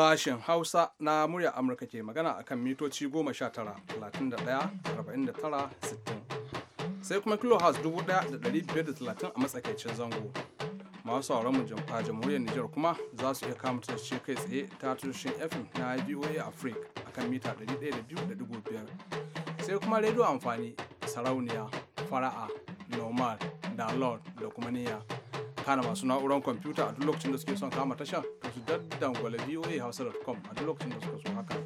sashen hausa na murya amurka ke magana akan mitoci goma 31 sai kuma da 1530 a matsakaicin zango masu sauran mu a jamhuriyar Nijar kuma za su iya kama tashi kai tsaye ta tushen FM na VOA Africa akan mita 102.5 sai kuma rediyo amfani sarauniya fara'a normal da da kuma niyya kana masu na'urar kwamfuta a duk lokacin da suke son kama tashar to su gwale voa hausa.com a duk lokacin da suka so haka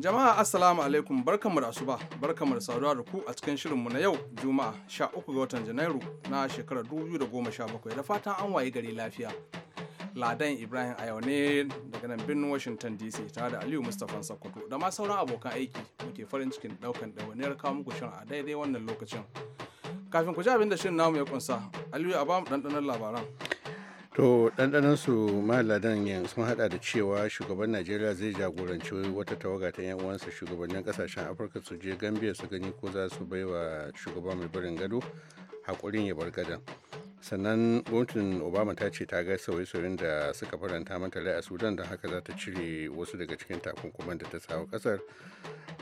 jama'a assalamu alaikum barkanmu da asuba barkanmu da saduwa da ku a cikin shirinmu na yau juma'a 13 ga watan janairu na shekarar 2017 da fatan an waye gari lafiya Ladan Ibrahim a yau ne daga nan birnin Washington DC tare da Aliyu Mustapha Sokoto da ma sauran abokan aiki muke farin cikin daukan ɗawainiyar kawo muku shirin a daidai wannan lokacin. Kafin ku ji abin da shirin namu ya kunsa, Aliyu a bamu mu ɗanɗanon labaran. To ma ladan yanzu sun haɗa da cewa shugaban Najeriya zai jagoranci wata tawaga ta 'yan uwansa shugabannin kasashen Afirka su je Gambia su gani ko za su baiwa shugaba mai barin gado hakurin ya bar gadon. sannan gwamnatin obama ta ce ta ga sauye-sauyen da suka faranta mata rai a sudan don haka za ta cire wasu daga cikin takunkuman da ta samu kasar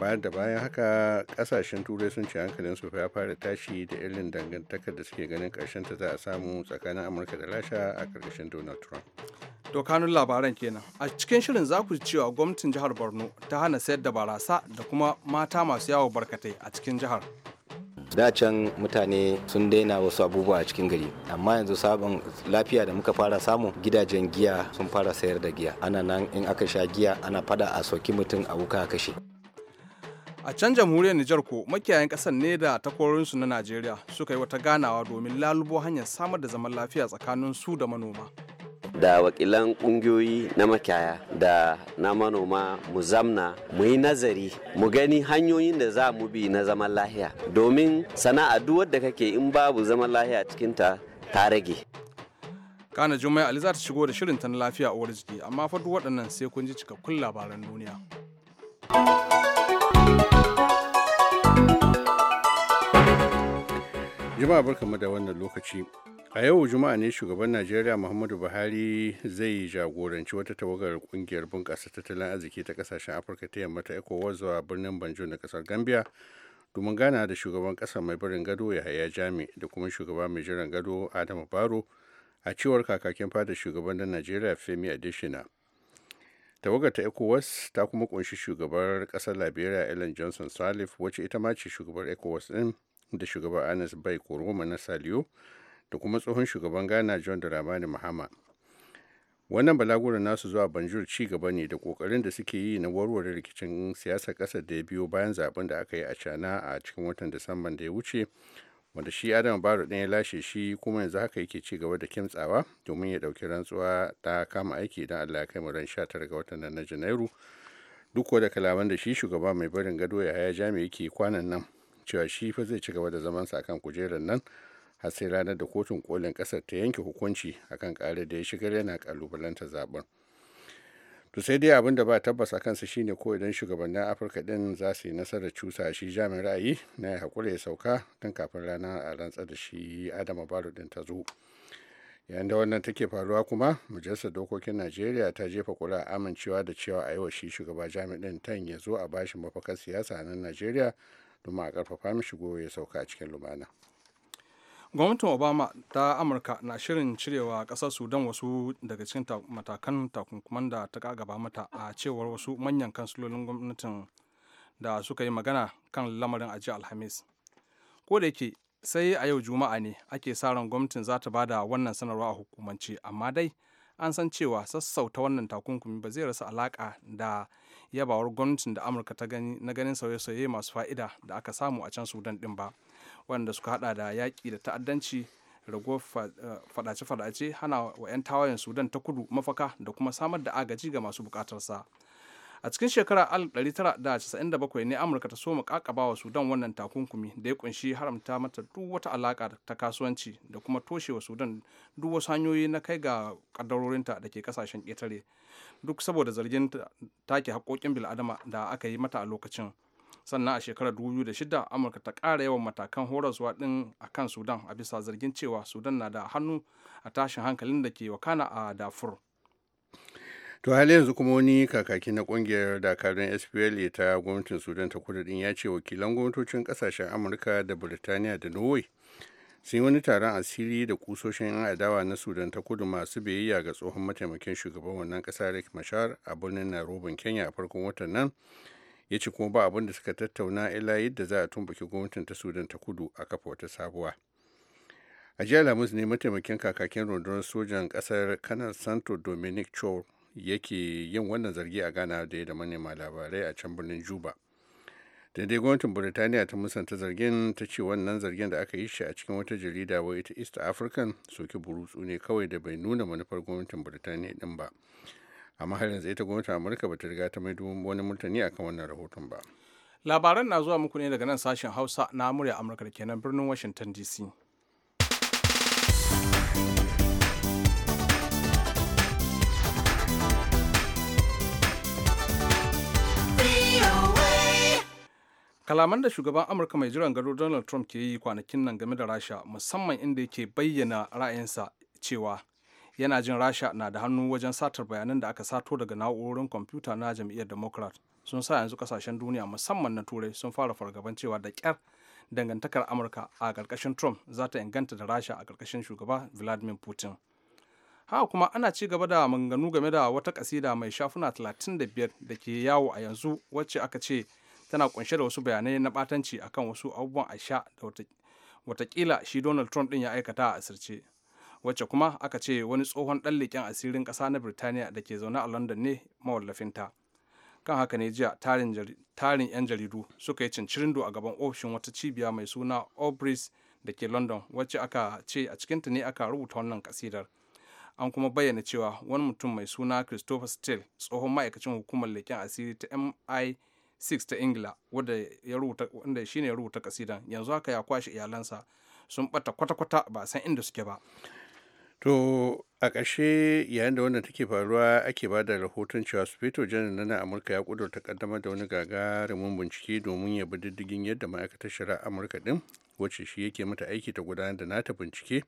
bayan da bayan haka kasashen turai sun ce hankalin su ya fara tashi da irin dangantakar da suke ganin karshen ta za a samu tsakanin amurka da rasha a karkashin donald trump dokanun labaran kenan a cikin shirin za ku cewa gwamnatin jihar borno ta hana sayar da barasa da kuma mata masu yawo barkatai a cikin jihar da can mutane sun daina wasu abubuwa a cikin gari amma yanzu sabon lafiya da muka fara samu gidajen giya sun fara sayar da giya ana nan in aka sha giya ana fada a soki mutum a wuka kashe a can jamhuriyar Nijar ko makiyayan kasar ne da takwarorinsu na Najeriya suka yi wata ganawa domin lalubo hanyar samar da zaman lafiya tsakanin su da manoma. da wakilan kungiyoyi na makiyaya da na manoma mu zamna mu yi nazari mu gani hanyoyin da za mu bi na zaman lahiya domin sana'a duk wadda kake in babu zaman lahiya cikin ta ta rage kana juma'a ali za ta shigo da shirin ta na lafiya uwar jiki amma fa duk waɗannan sai kun ji cikakkun labaran duniya jama'a barkamu da wannan lokaci a yau juma'a ne shugaban najeriya muhammadu buhari zai jagoranci wata tawagar kungiyar bunƙasa tattalin arziki ta kasashen afirka ta yamma ta ecowas zuwa birnin banjo na kasar gambia domin gana da shugaban kasa mai barin gado yahaya jami da kuma shugaba mai jiran gado adamu baro a cewar kakakin fada shugaban na najeriya femi adesina tawagar ta ecowas ta kuma kunshi shugabar ƙasar liberia ellen johnson salif wacce ita ma ce shugabar ecowas din da shugaban anas bai koroma na saliyo da kuma tsohon shugaban ghana john dramani mahama wannan balaguran nasu zuwa banjul ci gaba ne da kokarin da suke yi na warware rikicin siyasar kasar da ya biyo bayan zaben da aka yi a cana a cikin watan disamban da ya wuce wanda shi adam baro ɗin ya lashe shi kuma yanzu haka yake cigaba da kimtsawa domin ya ɗauki rantsuwa ta kama aiki idan allah ya kai mu ran 19 ga watan na janairu duk da kalaman da shi shugaba mai barin gado ya haya jami yake kwanan nan cewa shi fa zai ci gaba da zaman sa kan kujerar nan har sai ranar da kotun kolin kasar ta yanke hukunci akan ƙarar da ya shigar yana kalubalanta zaben to sai dai abin da ba tabbas a kansa shine ko idan shugabannin afirka din za su yi nasarar cusa shi jami'in ra'ayi na ya haƙura ya sauka tun kafin rana a rantsar da shi adama baro din ta zo yayin da wannan take faruwa kuma majalisar dokokin najeriya ta jefa kura amincewa da cewa a yi wa shi shugaba jami'in tan ya zo a bashi mafakar siyasa nan najeriya domin a ƙarfafa mishi goyo ya sauka a cikin lumana gwamnatin obama ta amurka na shirin cirewa kasar sudan wasu daga cikin matakan takunkuman da ta kagaba mata a cewar wasu manyan kansilolin gwamnatin da suka yi magana kan lamarin aji alhamis ko da yake sai a yau juma'a ne ake sa ran gwamnatin za ta bada wannan sanarwa a hukumance amma dai an san cewa sassauta wannan takunkumi ba zai rasa alaka da yabawar gwamnatin da amurka ta gani na ganin sauye-sauye masu fa'ida da aka samu a can sudan din ba wanda suka hada da yaƙi da ta'addanci raguwar fadace-fadace eh, hana wa 'yan tawayen sudan ta kudu mafaka da kuma samar da agaji ga masu bukatarsa a cikin shekarar 1997 ne amurka ta soma kakaba wa sudan wannan takunkumi da ya kunshi haramta mata duk wata alaka ta kasuwanci da kuma toshewa sudan duk wasu hanyoyi na kai ga kaddarorinta da ke kasashen ƙetare duk saboda zargin take haƙoƙin bil'adama da aka yi mata a lokacin sannan a shekarar 2006 amurka ta ƙara yawan matakan horaswa ɗin a kan sudan a bisa zargin cewa sudan na da hannu a tashin hankalin da ke wakana a dafur to halin yanzu kuma wani kakaki na kungiyar dakarun spl e ta gwamnatin sudan ta kudu din ya ce wakilan gwamnatocin kasashen amurka da birtaniya da norway sun wani taron asiri da kusoshin 'yan adawa na sudan ta kudu masu biyayya ga tsohon mataimakin shugaban wannan kasa rick mashar a birnin na kenya a farkon watan nan ya ce kuma ba abin da suka tattauna illa yadda za a tumbuke gwamnatin ta sudan ta kudu a kafa wata sabuwa a jiya lamus ne mataimakin kakakin rundunar sojan kasar kanar santo dominic cho yake yin wannan zargi a ghana da ya da manema labarai a can birnin juba daidai gwamnatin burtaniya ta musanta zargin ta ce wannan zargin da aka yi shi a cikin wata jarida wai ita east african soke burutsu ne kawai da bai nuna manufar gwamnatin burtaniya din ba amma har yanzu ita gwamnatin amurka ba ta riga ta maido wani martani akan wannan rahoton ba labaran na zuwa muku ne daga nan sashen hausa na murya amurka da kenan birnin washington dc kalaman da shugaban amurka mai jiran gado donald trump ke yi kwanakin nan game da rasha musamman inda yake bayyana ra'ayinsa cewa yana jin rasha na da hannu wajen satar bayanan da aka sato daga na'urorin kwamfuta na jam'iyyar democrat sun sa yanzu kasashen duniya musamman na turai sun fara fargaban cewa da kyar dangantakar amurka a ƙarƙashin trump za ta inganta da rasha a ƙarƙashin shugaba vladimir putin haka kuma ana ci gaba da maganganu game da wata kasida mai shafuna 35 da ke yawo a yanzu wacce aka ce tana kunshe da wasu bayanai na batanci akan wasu abubuwan aisha da watakila shi donald trump din ya aikata a asirce wacce kuma aka ce wani tsohon ɗan leƙen asirin ƙasa na birtaniya da ke zaune a london ne mawallafinta kan haka ne jiya tarin 'yan jaridu suka yi cincirindo a gaban ofishin wata cibiya mai suna obris da ke london wacce aka ce a cikinta ne aka rubuta wannan kasidar an kuma bayyana cewa wani mutum mai suna christopher steele tsohon ma'aikacin hukumar leƙen asiri ta mi6 ta ingila wanda shi ne ya rubuta kasidan yanzu haka ya kwashe iyalansa sun bata kwata-kwata ba san inda suke ba To a ƙarshe yayin da wannan take faruwa ake ba da rahoton cewa sufeto janar na amurka ya kudurta kaddamar da wani gagarumin bincike domin ya bi diddigin yadda ma'aikatar shari'a amurka din wacce shi yake mata aiki ta gudanar da nata bincike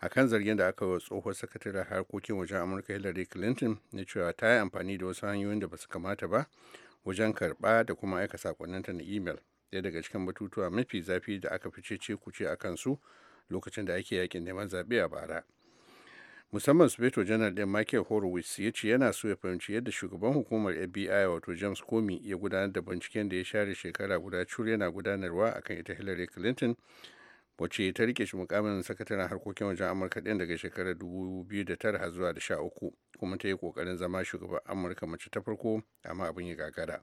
a kan zargin da aka wa sakatare sakataren harkokin wajen amurka hillary clinton na cewa ta yi amfani da wasu hanyoyin da ba su kamata ba wajen karɓa da kuma aika sakonninta na imel ɗaya daga cikin batutuwa mafi zafi da aka fice ce kuce a kansu lokacin da ake yakin neman zaɓe a bara. musamman speto janar din michael horowitz ya ce yana so ya fahimci yadda shugaban hukumar fbi wato james comey ya gudanar da binciken da ya share shekara guda cur yana gudanarwa akan ita hillary clinton wacce ta rike shi mukamin sakataren harkokin wajen amurka din daga shekarar 2009 zuwa 13 kuma ta yi kokarin zama shugaban amurka mace ta farko amma abin ya gagara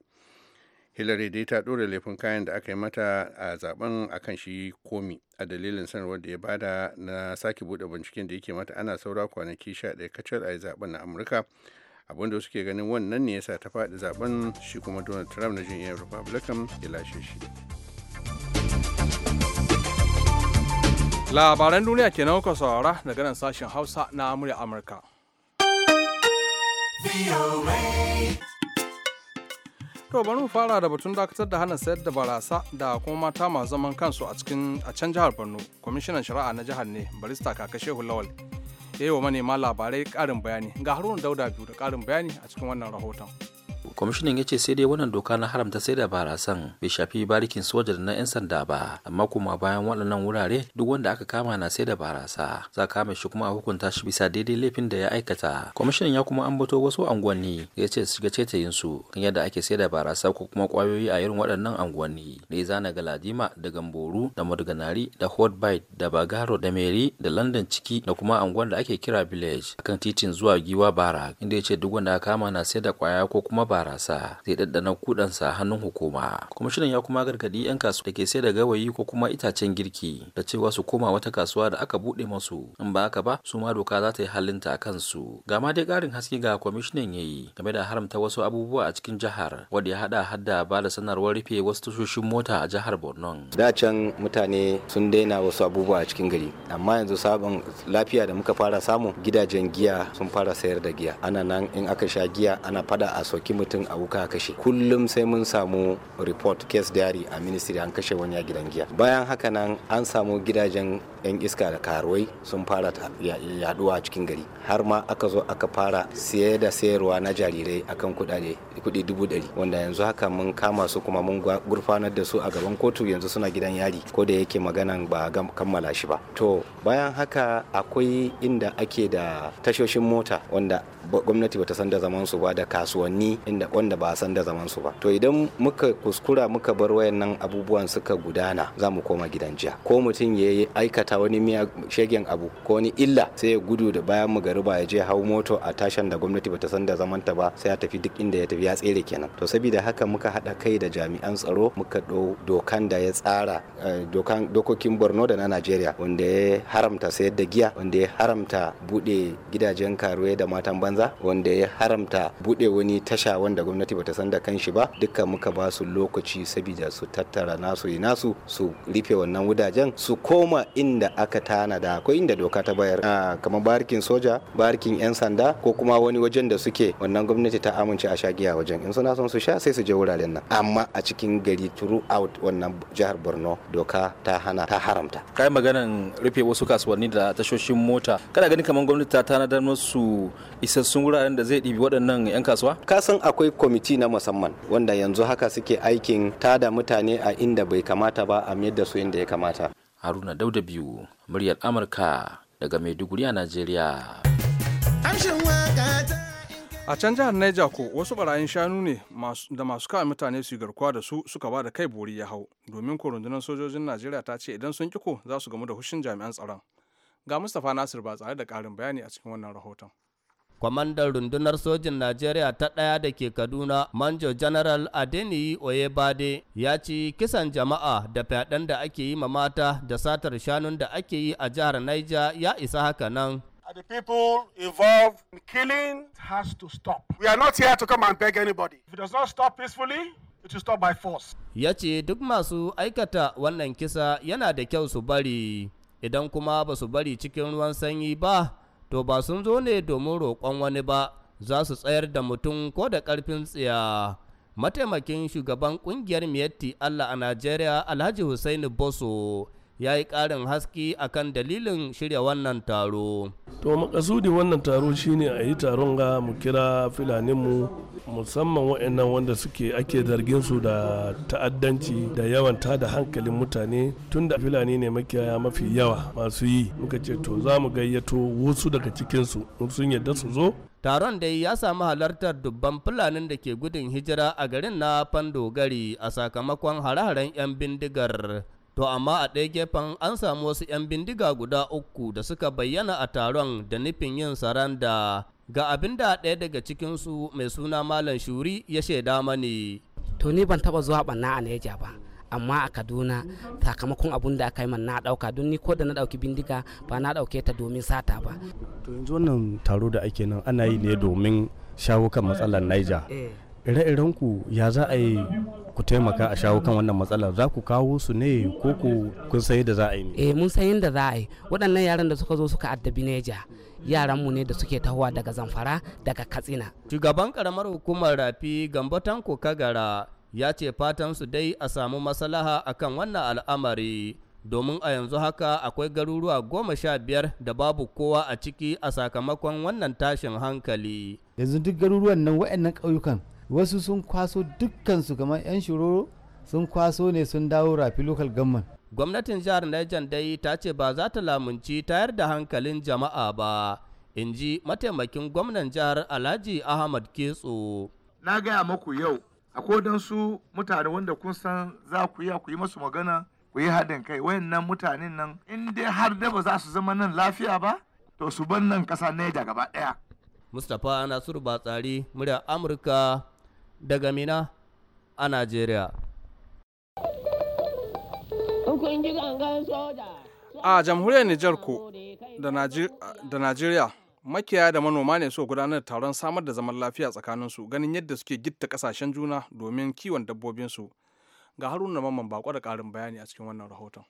hillary dai ta ɗora laifin kayan da aka yi mata a zaben akan shi komi a dalilin sanarwar da ya bada na sake bude binciken da yake mata ana saura kwanaki sha 11 kacal a yi zaben na amurka abinda suke ganin wannan ne yasa ta faɗi zaben shi kuma donald trump na jam'iyyar republican ya lashe shi labaran duniya ke nan kuka saurara daga nan sashen hausa na amurka to bari mu fara da batun dakatar da hana sayar da barasa da kuma mata masu zaman kansu a cikin a can jihar borno kwamishinan shari'a na jihar ne barista kaka shehu lawal ya yi wa manema labarai ƙarin bayani ga haruna dauda biyu da karin bayani a cikin wannan rahoton kwamishinan ya ce sai dai wannan doka na haramta sai da barasan bai shafi barikin soja da na 'yan sanda ba amma kuma bayan waɗannan wurare duk wanda aka kama na sai da barasa za kama shi kuma a hukunta shi bisa daidai laifin da ya aikata kwamishinan ya kuma ambato wasu anguwanni ya ce su shiga cetayin su kan yadda ake sai da barasa ko kuma kwayoyi a irin waɗannan anguwanni da ya zana galadima da gamboru da murganari da hotbite da bagaro da meri da london ciki da kuma anguwan da ake kira village akan titin zuwa giwa bara inda ya ce duk wanda aka kama na sai da kwaya ko kuma barasa zai daddana kudansa hannun hukuma kwamishinan ya kuma gargadi yan kasuwa da ke sai da gawayi ko kuma itacen girki da cewa su koma wata kasuwa da aka bude masu in ba haka ba su ma doka za ta yi halinta a kansu ga ma dai karin haske ga kwamishinan ya yi game da haramta wasu abubuwa a cikin jihar wanda ya hada hadda ba da sanarwar rufe wasu tushoshin mota a jihar borno da can mutane sun daina wasu abubuwa a cikin gari amma yanzu sabon lafiya da muka fara samu gidajen giya sun fara sayar da giya ana nan in aka sha giya ana fada a soki mutum a wuka kashe kullum sai mun samu report case diary a ministry an kashe wani a gidan giya bayan haka nan an samu gidajen yan iska da karuwai sun fara yaduwa a cikin gari har ma aka zo aka fara siye da sayarwa na jarirai akan kudade kudi dubu dari wanda yanzu haka mun kama su kuma mun gurfanar da su a gaban kotu yanzu suna gidan yari ko da yake maganan ba kammala shi ba to bayan haka akwai inda ake da tashoshin mota wanda gwamnati bata san da zaman su ba da kasuwanni inda wanda ba san da zaman su ba to idan muka kuskura muka bar wayannan abubuwan suka gudana za mu koma gidan jiya ko mutum ya yi aikata wani miya shegen abu ko wani illa sai ya gudu da bayan mu gariba ya je hau moto a tashan da gwamnati bata san da zaman ta ba sai ya tafi duk inda ya tafi ya tsere kenan to saboda haka muka hada kai da jami'an tsaro muka do dokan da ya tsara eh, dokan dokokin Borno da na Najeriya wanda ya haramta sayar da giya wanda ya haramta bude gidajen karuwa da matan banza wanda ya haramta bude wani tasha wanda gwamnati bata san da kanshi ba dukkan muka ba su lokaci saboda su tattara nasu yi nasu su rufe wannan wudajen su koma inda aka tanada akwai inda doka ta bayar kamar barkin soja barkin yan sanda ko kuma wani wajen da suke wannan gwamnati ta amince a shagiya wajen in suna son su sha sai su je wuraren nan amma a cikin gari throughout wannan jihar borno doka ta hana ta haramta kai maganan rufe wasu kasuwanni da tashoshin mota kana ganin kamar gwamnati ta tanadar musu isassun wuraren da zai ɗibi waɗannan yan kasuwa kasan a akwai kwamiti na musamman wanda yanzu haka suke aikin tada mutane a inda bai kamata ba a mayar da su inda ya kamata haruna dauda biyu muryar amurka daga maiduguri a najeriya a can jihar Niger ko wasu barayin shanu ne da masu kawai mutane su garkuwa da su suka ba da kai bori ya hau domin ko rundunar sojojin Najeriya ta ce idan sun kiko za su gamu da hushin jami'an tsaron. Ga Mustapha Nasir ba tsare da ƙarin bayani a cikin wannan rahoton. kwamandan rundunar sojin najeriya ta ɗaya da ke kaduna manjo general adeniyi oyebade ya ci kisan jama'a da fyaɗen da ake yi ma mata da satar shanun da ake yi a jihar niger ya isa haka nan the people involved in killing has to stop. We are not here to come and beg anybody. If it does not stop peacefully, it will stop by force. Ya ce duk masu aikata wannan kisa yana da kyau su bari, idan kuma ba su bari cikin ruwan sanyi ba, to ba sun zo ne domin roƙon wani ba za su tsayar da mutum ko da ƙarfin tsiya mataimakin shugaban ƙungiyar miyatti allah a najeriya alhaji Hussaini boso ya yi ƙarin haski akan dalilin shirya wannan taro. To makasudi wannan taro shine a yi taron ga mu kira filaninmu musamman wa'annan wanda suke ake zargin su da ta'addanci da yawan da hankalin mutane tun da filani ne makiyaya mafi yawa masu yi muka ce to za mu gayyato wasu daga cikinsu sun yadda su zo taron dai ya samu halartar dubban fulanin da ke gudun hijira a garin na fandogari a sakamakon hare-haren 'yan bindigar To amma a ɗaya gefen an samu wasu 'yan bindiga guda uku da suka bayyana a taron da nufin yin saranda ga abin da ɗaya daga cikinsu mai suna Malam Shuri ya shaida mani. To ni ban taɓa zuwa ɓanna a Neja ba. amma a kaduna sakamakon abun da aka yi man na dauka don ni ko da na dauki bindiga ba na ɗauke ta domin sata ba to yanzu wannan taro da ake nan ana yi ne domin shawo kan matsalar niger. Eh. ire-iren ku ya za a yi ku taimaka a shawo kan wannan matsalar za ku kawo su ne ko ku kun san yadda za a yi ne eh mun san yadda za a yi waɗannan yaran da suka zo suka addabi neja mu ne da suke tahowa daga zamfara daga katsina shugaban karamar hukumar rafi gambatan kagara ya ce fatan su dai a samu maslaha akan wannan al'amari domin a yanzu haka akwai garuruwa goma sha biyar da babu kowa a ciki a sakamakon wannan tashin hankali yanzu duk garuruwan nan waɗannan ƙauyukan wasu sun kwaso dukkansu kamar 'yan shiroro sun kwaso ne sun dawo rafi local gamman gwamnatin jihar Niger dai ta ce ba za ta lamunci tayar da hankalin jama'a ba in ji mataimakin gwamnan jihar alhaji ahmad ketso na gaya maku yau akwai su mutane wanda kun san za ku yi ku yi masu magana ku yi haɗin kai wayannan mutanen nan in dai har da ba za su zama nan lafiya ba to su ban nan ƙasa Niger gaba ɗaya mustapha nasiru batsari murya amurka daga Mina a Najeriya. A jamhuriyar Nijar ko da Najeriya makiyaya da manoma ne so gudanar da taron samar da zaman lafiya tsakaninsu ganin yadda suke gitta kasashen juna domin kiwon dabbobinsu. Ga haruna mamman bako da karin bayani a cikin wannan rahoton.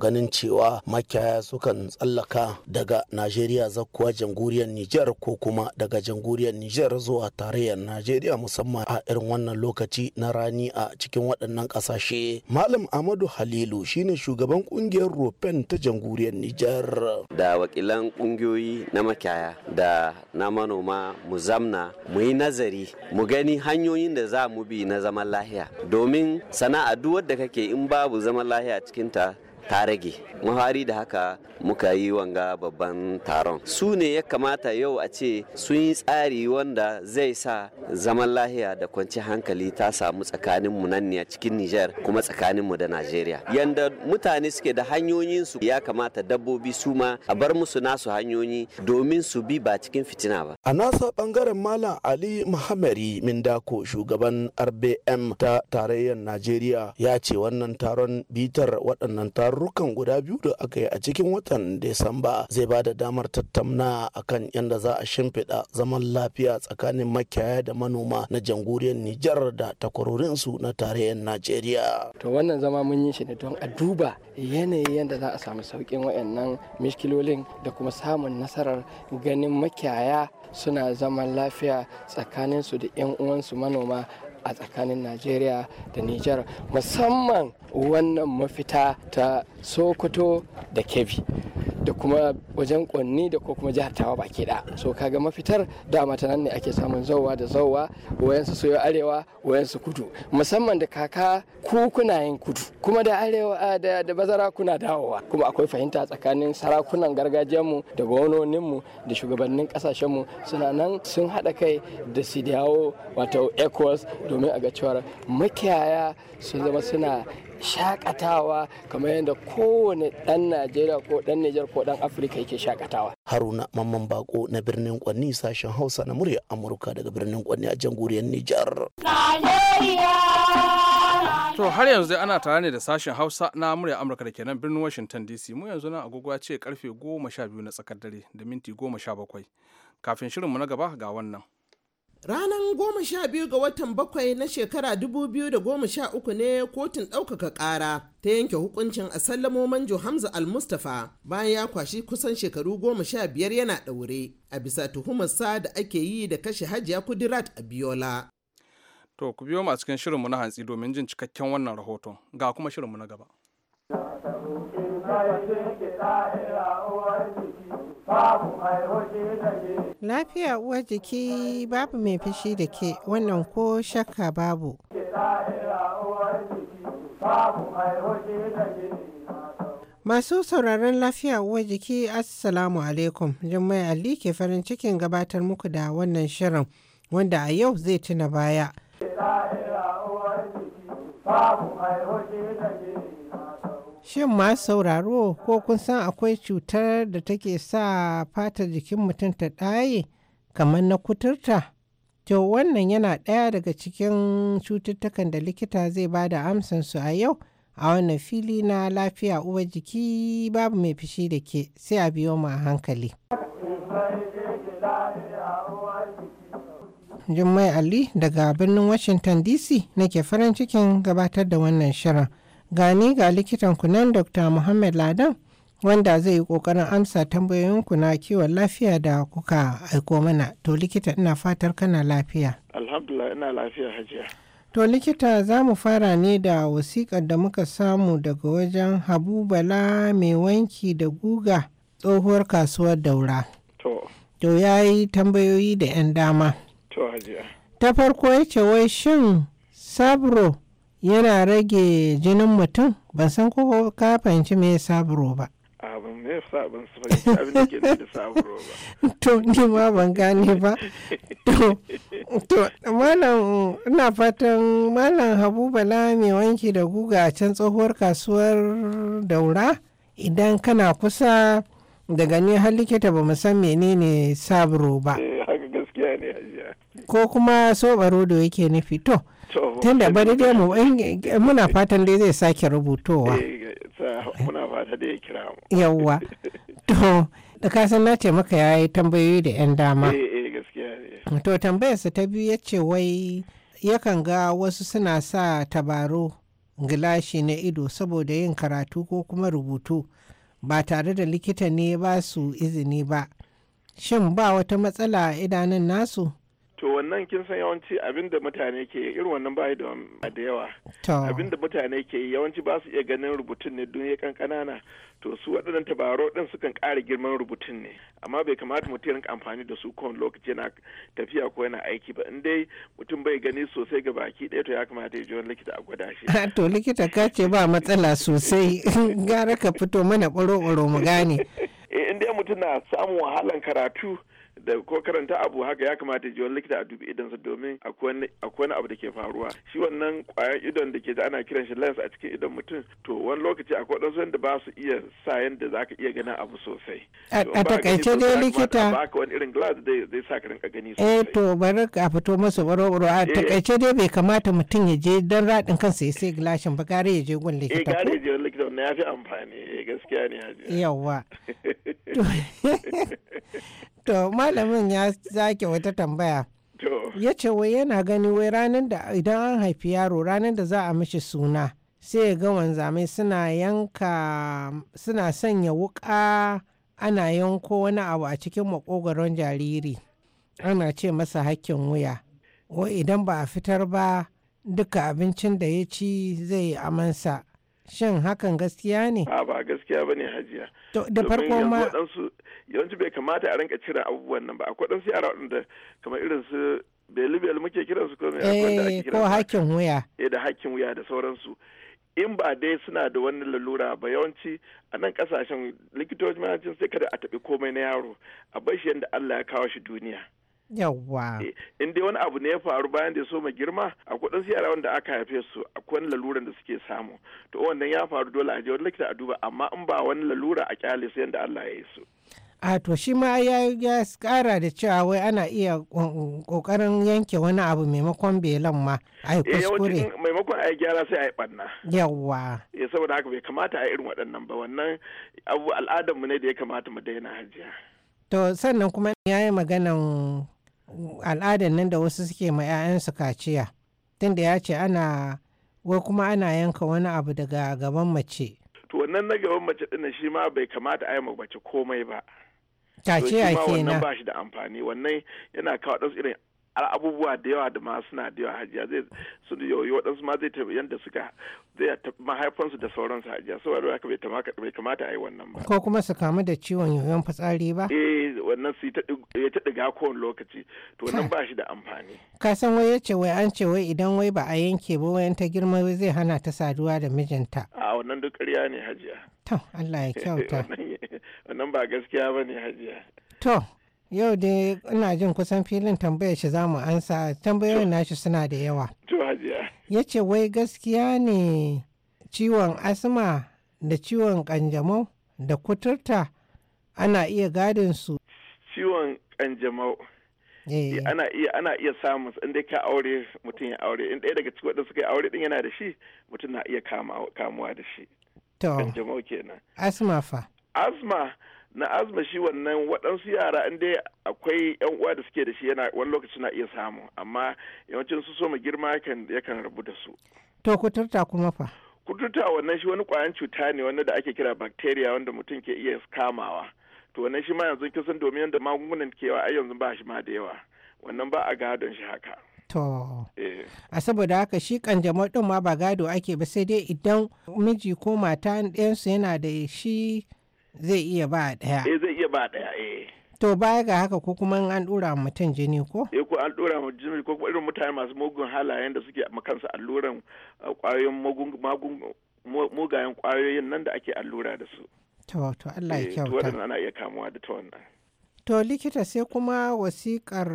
ganin cewa makiyaya sukan tsallaka daga najeriya zakuwa jamhuriyar niger ko kuma daga jamhuriyar niger zuwa tarayyar najeriya musamman a irin wannan lokaci na rani a cikin waɗannan ƙasashe malam amadu halilu shine shugaban ƙungiyar ropen ta janguriyar niger da wakilan ƙungiyoyi na makiyaya da na manoma mu zamna mu yi nazari mu gani hanyoyin da za mu bi na zaman lahiya domin sana'a duk wadda kake in babu zaman lahiya cikinta ta rage muhari da haka muka yi wanga babban taron su ne ya kamata yau a ce sun yi tsari wanda zai sa zaman lahiya da kwanci hankali ta samu tsakanin mu nan ne cikin Nijar kuma tsakanin mu da Najeriya yanda mutane suke da hanyoyin su ya kamata dabbobi su ma a bar musu nasu hanyoyi domin su bi ba cikin fitina ba a nasa bangaren malam Ali Muhammadi Mindako shugaban RBM ta tarayyar Najeriya ya ce wannan taron bitar waɗannan taron tarurrukan guda biyu da aka yi a cikin watan Desamba zai ba da damar tattauna akan yadda za a shimfiɗa zaman lafiya tsakanin makiyaya da manoma na jamhuriyar Nijar da takwarorinsu na tarayyar Najeriya. To wannan zama mun yi shi ne don a duba yanayi yadda za a samu sauƙin wayannan miskilolin da kuma samun nasarar ganin makiyaya suna zaman lafiya tsakaninsu da 'yan uwansu manoma a tsakanin najeriya da nijar musamman wannan mafita ta sokoto da kebbi da kuma wajen kwanni da kuma jihar tawa baki da so kaga mafitar dama ta nan ne ake samun zauwa da zauwa wayansu soyo arewa wayansu kudu musamman da kaka ku kuna yin kudu kuma da arewa da, da bazara kuna dawowa kuma akwai fahimta tsakanin sarakunan mu da gwamnoninmu da shugabannin kasashenmu suna nan sun haɗa kai da su dawo wato ecos domin a ga cewar makiyaya su zama suna shakatawa kamar yadda kowane dan najeriya ko dan nijar ko dan afirka yake shakatawa haruna mamman bako na birnin kwanni sashen hausa na murya amurka daga birnin kwanni a jamhuriyar nijar to har yanzu ana tare ne da sashen hausa na murya amurka da ke nan birnin washington dc mu yanzu nan agogo ce karfe goma biyu na tsakar dare da minti goma sha bakwai kafin shirinmu na gaba ga wannan ranan goma sha biyu ga watan bakwai na shekara dubu biyu da goma sha uku ne kotun ɗaukaka ƙara ta yanke hukuncin a sallamoman manjo Hamza al mustafa bayan ya kwashi kusan shekaru goma sha biyar yana ɗaure a bisa tuhumarsa da ake yi da kashe hajiya kudirat a biyola. To ku biyo masu a cikin shirinmu na hantsi domin jin cikakken wannan rahoton ga kuma shirinmu na gaba. Lafiya uwar jiki babu mai fushi da ke wannan ko shakka babu. Masu sauraron lafiya uwar jiki Assalamu alaikum, Jummai Ali ke farin cikin gabatar muku da wannan shirin wanda a yau zai tuna baya. Babu mai da ke Shin ma sauraro ko kun san akwai cutar da take sa fatar jikin mutum ta ɗaye kamar na kuturta? To wannan yana ɗaya daga cikin cututtukan da likita zai ba da amsansu a yau a wannan fili na lafiya uwa jiki babu mai fishi da ke sai a biyo mu hankali. Jummai Ali daga birnin Washington DC nake farin cikin gabatar da wannan shirin. gani ga likitan kunan dr muhammad ladan wanda zai yi kokarin amsa tambayoyinku na kiwon lafiya da kuka aiko mana to likita ina fatar kana lafiya alhamdulillah ina lafiya hajiya to likita za mu fara ne da wasiƙar da muka samu daga wajen habu bala mai wanki da guga tsohuwar kasuwar daura to ya yi tambayoyi da 'yan dama ta farko yake wai shin sabro yana rage jinin mutum ban san ko ka fahimci me saburo ba abin me ba to ni ma ban gane ba to to malam ina fatan malam habu bala mai wanki da guga a can tsohuwar kasuwar daura idan kana kusa daga ni har likita ba mu san menene sabro ba eh, ko kuma sobaro da yake nufi to tunda bari dai mu muna fatan dai zai sake rubutowa eh, muna fata dai kira mu yawwa to da kasan na ce maka ya yi tambayoyi da 'yan dama eh, eh, to tambayarsa ta biyu ya wai yakan ga wasu suna sa tabaro gilashi na ido saboda yin karatu ko kuma rubutu ba tare da likita ne ba su izini ba shin ba wata matsala idanun nasu to wannan kin san yawanci abin da mutane ke irin wannan bai da da yawa abin da mutane ke yi yawanci ba su iya ganin rubutun ne don kan kanana to su waɗannan tabaro ɗin sukan ƙara girman rubutun ne amma bai kamata mutum rinka amfani da su ko lokaci na tafiya ko yana aiki ba in dai mutum bai gani sosai ga baki ɗaya to ya kamata ya je wani likita a gwada shi to likita ka ce ba matsala sosai gara ka fito mana ɓoro-ɓoro mu gane eh, in dai mutum na samun wahalan karatu da ko karanta abu haka ya kamata ji wani likita a dubi idonsa domin akwai wani abu da ke faruwa shi wannan kwayan idon da ke da ana kiran shi lens a cikin idon mutum to wani lokaci akwai wadansu da ba su iya sa yadda za ka iya ganin abu sosai a takaice dai likita ba ka wani irin glass zai sa ka rinka gani eh, sosai eh to bari a fito masa baro a takaice dai bai kamata mutum ya je dan radin kansa ya sai gilashin ba gare ya je gun likita ko eh gare ya je likita wannan ya fi amfani eh, gaskiya ne yawa to malamin ya zake wata tambaya ya ce wai yana gani wai ranar da idan an haifi yaro ranar da za a mishi suna sai ga wanzamai suna yanka suna sanya wuka ana yanko wani abu a cikin makogaron jariri ana ce masa hakkin wuya wai idan ba a fitar ba duka abincin da ya ci zai yi amansa shin hakan gaskiya ne a ba gaskiya ba ne hajiya da farko ma yawanci bai kamata a rinka cire abubuwan nan ba akwai ɗansu yara waɗanda kamar irin su belibel muke kiran su ko eh, hakkin wuya eh, da hakkin wuya da sauransu in ba dai suna da wani lalura ba yawanci a nan kasashen likitoci mayancin sai kada a taɓi komai na yaro a bar shi yadda Allah ya kawo shi duniya yawwa eh, in dai wani abu ne ya faru bayan da ya so soma girma a kudin yara wanda aka haife su a wani laluran da suke samu to wannan ya faru dole a je wani likita a duba amma in ba wani lalura a kyale su yadda Allah ya yi su a to shi ma ya kara da cewa wai ana iya kokarin yanke wani abu maimakon belan ma a eh, yi kuskure maimakon a yi gyara sai a yi barna yawa ya eh, saboda haka bai kamata a irin waɗannan ba wannan abu al'adarmu ne da ya kamata mu daina hajiya to sannan kuma ya yi maganan al'adar nan da wasu suke ma 'ya'yansu kaciya tunda ya ce ana wai kuma ana yanka wani abu daga gaban mace to wannan na gaban mace ɗin shi ma bai kamata a yi mace komai ba take take na wannan ba shi da amfani wannan yana kawo ɗansu irin abubuwa da yawa da ma suna da yawa hajiya zai su da yoyi waɗansu ma zai tabi yadda suka zai mahaifansu da sauransu hajiya saboda haka bai kamata a yi wannan ba. ko kuma su kamu da ciwon yoyon fitsari ba. eh wannan su ya ta ɗiga kowane lokaci to wannan ba shi da amfani. ka san wai ce wai an ce wai idan wai ba a yanke ba wayan ta girma zai hana ta saduwa da mijinta. a wannan duk ƙarya ne hajiya. to Allah ya kyauta. wannan ba gaskiya ba ne hajiya. to Yau dai ina jin kusan filin tambayar shi zamu ansa tambayoyin nashi suna da yawa. Ya ce wai gaskiya ne ciwon asma da ciwon kanjamau da kuturta ana iya gadin su. Ciwon kanjamau. Eh. ana iya ana iya samun inda ka aure mutum ya aure in ɗaya daga cikin waɗanda suka yi aure din yana da shi mutum na iya kamuwa da shi. Kanjamau kenan. Asma fa. Asma na azuma shi wannan waɗansu yara in dai akwai yan uwa da suke da shi yana wani lokaci na iya samu amma yawancin su so girma yakan rabu da su to kuturta kuma fa kuturta wannan shi wani ƙwayan cuta ne wanda da ake kira bacteria wanda mutum ke iya kamawa to wannan shi ma yanzu kisan domin yadda magungunan kewa ai yanzu ba shi ma da yawa wannan ba a gadon shi haka To, eh. a saboda haka shi kanjamau din ma ba gado ake ba sai dai idan miji ko mata ɗayansu yana da shi zai iya ba ɗaya eh zai iya ba ɗaya eh to baya ga haka ko kuma an dora mutum jini ko eh ko an dora jini ko kuma irin mutane masu mugun halayen da suke makansa alluran kwayoyin uh, magun mugayen kwayoyin nan da ake allura da su to to Allah ya eh, kyauta to ana iya kamuwa da ta wannan to likita sai kuma wasikar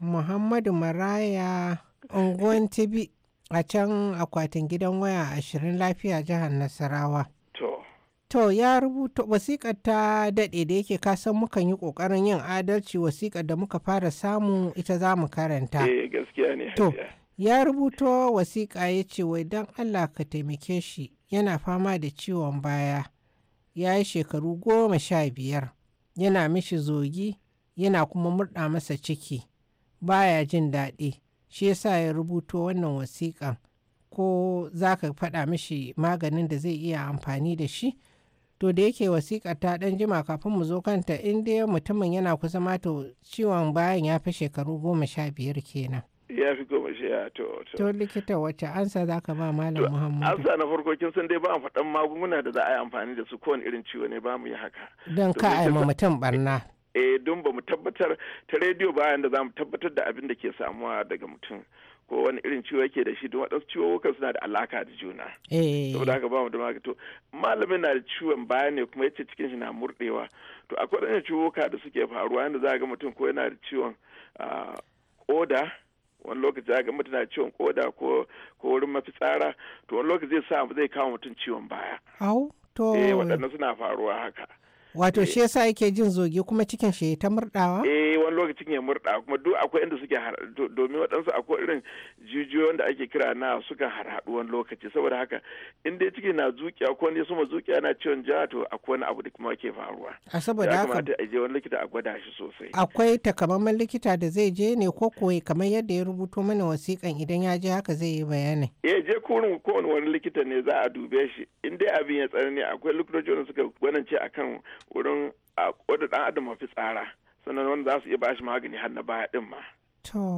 Muhammadu Maraya unguwan Tibi a can akwatin gidan waya ashirin lafiya jihar Nasarawa. To ya rubuta wasiƙa ta daɗe da yake kasan mukan yi ƙoƙarin yin adalci wasiƙa da muka fara samu ita za mu karanta. Eh gaskiya ne. To ya rubuto wasiƙa ya ce wai don Allah ka taimake shi yana fama da ciwon baya. Ya yi shekaru goma sha biyar. Yana mishi zogi yana kuma murɗa masa ciki. Baya jin daɗi. Shi yasa ya rubuto wannan wasiƙan. Ko za ka faɗa mishi maganin da zai iya amfani da shi? to da yake wasiƙa ta ɗan jima kafin mu zo kanta in dai mutumin yana kusa ma to ciwon bayan ya fi shekaru goma sha biyar kenan. ya fi goma sha to to likita wacce ansa za ka ba malam muhammadu ansa na farko kin san dai ba mu faɗan magunguna da za a yi amfani da su kowane irin ciwo ne ba mu yi haka don ka a ma mutum barna eh don ba mu tabbatar ta rediyo bayan da za mu tabbatar da abin da ke samuwa daga mutum ko wani irin ciwo yake da shi don ciwo ciwowukan suna da alaka da juna. Eh. Saboda haka ba mu da magani. To malamin na da ciwon baya ne kuma yace cikin shi na murɗewa. To akwai waɗannan ciwowuka da suke faruwa yadda za ga mutum ko yana da ciwon koda ah, wani lokaci za ga mutum na ciwon koda ko ko wurin mafitsara to wani lokaci zai sa zai kawo mutum ciwon baya. Au to. Eh wadannan suna faruwa haka. Wato eh. shi yasa yake jin zoge kuma cikin shi ta murdawa? Eh wani lokacin ya murda kuma duk akwai inda suke domin waɗansu akwai irin jijiyoyin da ake kira na suka harhaɗu wani lokaci saboda haka in dai ciki na zuƙiya ko ne suma zuƙiya na ciwon ja to akwai wani abu da kuma ke faruwa. A saboda haka. Ya kamata a je wani likita a gwada shi sosai. Akwai takamaiman likita da zai je ne ko koyi kamar yadda ya rubuto mana wasiƙan idan ya je haka zai yi bayani. Eh je kurin kowane wani likita ne za a dube shi in dai abin ya tsanani akwai likitoci wanda suka gwanance akan wurin kodi dan adam mafi tsara sannan wanda za su iya bashi magani har na baya din ma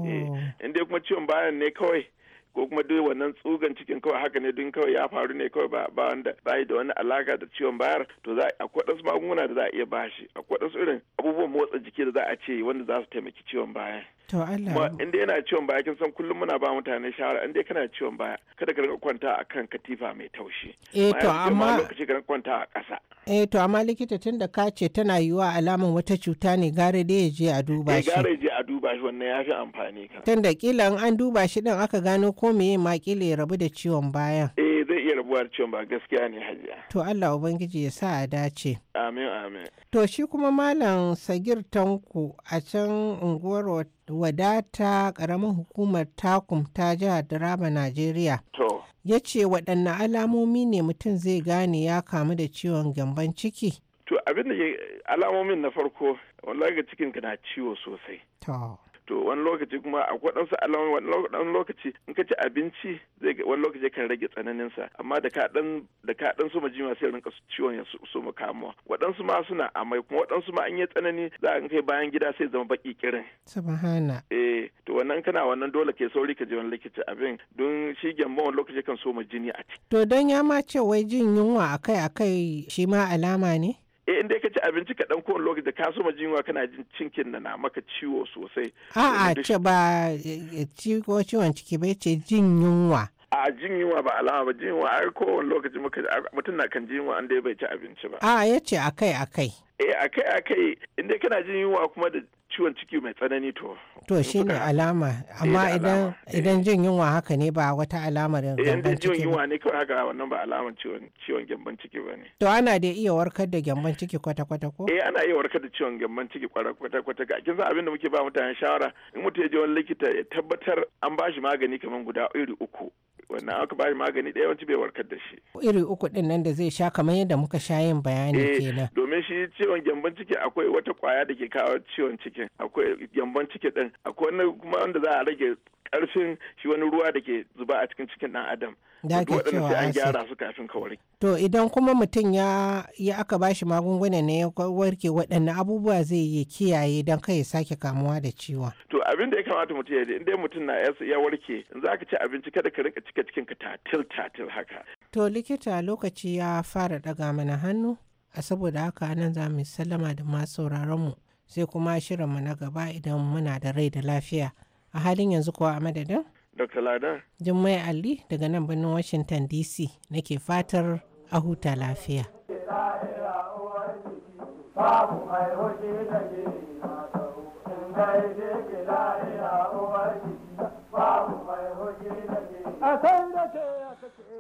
eh, in dai kuma ciwon bayan ne kawai ko kuma duk wannan tsugan cikin kawai haka ne duk kawai ya faru ne kawai ba ba wanda bai da wani alaka da ciwon bayar to za a kwadansu magunguna da za a iya bashi a su irin abubuwan motsa jiki da za a ce wanda za su taimaki ciwon bayan To Allah. Ma inda yana ciwon baya kin san kullum muna ba mutane shawara inda kana ciwon baya kada ka rinka kwanta kan katifa mai taushi. Eh to amma lokaci ka kwanta a ƙasa. Eh to amma likita tun da ka ce tana yiwa alaman wata cuta ne gare da ya je a duba shi. Eh gare je a duba shi wannan ya fi amfani ka. Tun da kila an duba shi din aka gano ko meye ma kila ya rabu da ciwon bayan. Eh iya rabuwar ciwon ba gaskiya ne hajiya. To Allah Ubangiji ya sa a dace. Amin amin. To shi kuma Malam Sagir tanku a can unguwar wadata karamin hukumar takum ta jihar Daraba Najeriya. To. Ya ce waɗanne alamomi ne mutum zai gane ya kamu da ciwon gyamban ciki? To abin da alamomin na farko wallahi ga cikin na ciwo sosai. To. to wani lokaci kuma a waɗansu alamomi wani lokaci in ka ci abinci zai wani lokaci kan rage tsananin sa amma da ka dan da ka dan soma jima sai rinka ciwon ya mu kamuwa waɗansu ma suna amai kuma waɗansu ma an yi tsanani za a kai bayan gida sai zama baki kirin subhana eh to wannan kana wannan dole ke sauri ka je wani likita abin don shi gyambo wani lokaci kan soma jini a ciki to dan ya ma ce wai jin yunwa akai-akai shi ma alama ne eh inda ka ci abinci ka dan kowane lokaci ka so jin yunwa kana jin cinkin na na maka ciwo sosai a'a ce ba eh, ciwo ciwon ciki bai ce jin yunwa a jin yunwa ba alama ba jin yunwa ai kowane lokaci mutum na kan jin yunwa an dai bai ci abinci ba a ya ce akai akai eh akai akai inda kana jin yunwa kuma da ciwon ciki mai tsanani to to ne alama eh, amma idan eh. idan jin yunwa haka ne ba wata alamar eh, gyamban ciki idan jin yunwa ne kawai haka wannan ba alamar ciwon ciwon gyamban ciki ne. to ana da iya warkar da gyamban ciki kwata kwata ko eh ana iya warkar da ciwon gyamban ciki kwata kwata kwata ga kin san abin da muke ba mutane shawara in mutum ya je wani likita ya tabbatar an ba shi magani kamar guda iri uku wannan aka ba shi magani ɗaya wanci bai warkar da shi iri uku din nan da zai sha kamar yadda muka sha yin bayani eh, kenan domin shi ciwon gyambon ciki akwai wata kwaya da ke kawo ciwon cikin akwai gyambon ciki din akwai wani kuma wanda za a rage karfin shi wani ruwa da ke zuba a cikin cikin dan adam da ke cewa an gyara su kafin kawai to idan kuma mutum ya ya aka bashi magunguna ne ya warke waɗannan abubuwa zai yi kiyaye don kai ya sake kamuwa da ciwon to abin da ya kamata mutum ya in dai mutum na ya warke za ka ci abinci kada ka rinka cika cikin ka tatil tatil haka to likita lokaci ya fara daga mana hannu a saboda haka nan za mu sallama da masu sauraron mu sai kuma shirinmu na gaba idan muna da rai da lafiya a halin yanzu kuwa a madadin dr ladan jummai ali daga nan birnin washington dc nake fatar a huta lafiya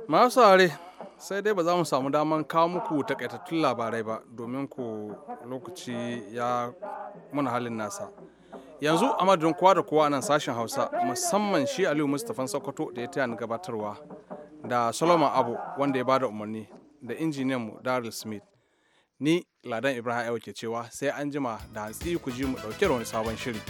masu are sai dai ba za mu samu daman kawo muku takaitattun labarai ba domin ku lokaci ya muna halin nasa yanzu a madadin kowa da kowa nan sashen hausa musamman shi aliyu mustafan sokoto da ya taya ni gabatarwa da solomon abu wanda ya bada umarni da injiniyan mu daryl smith ni ladan ibrahim ke cewa sai an jima da hantsi ku ji mu dauke da wani sabon shiri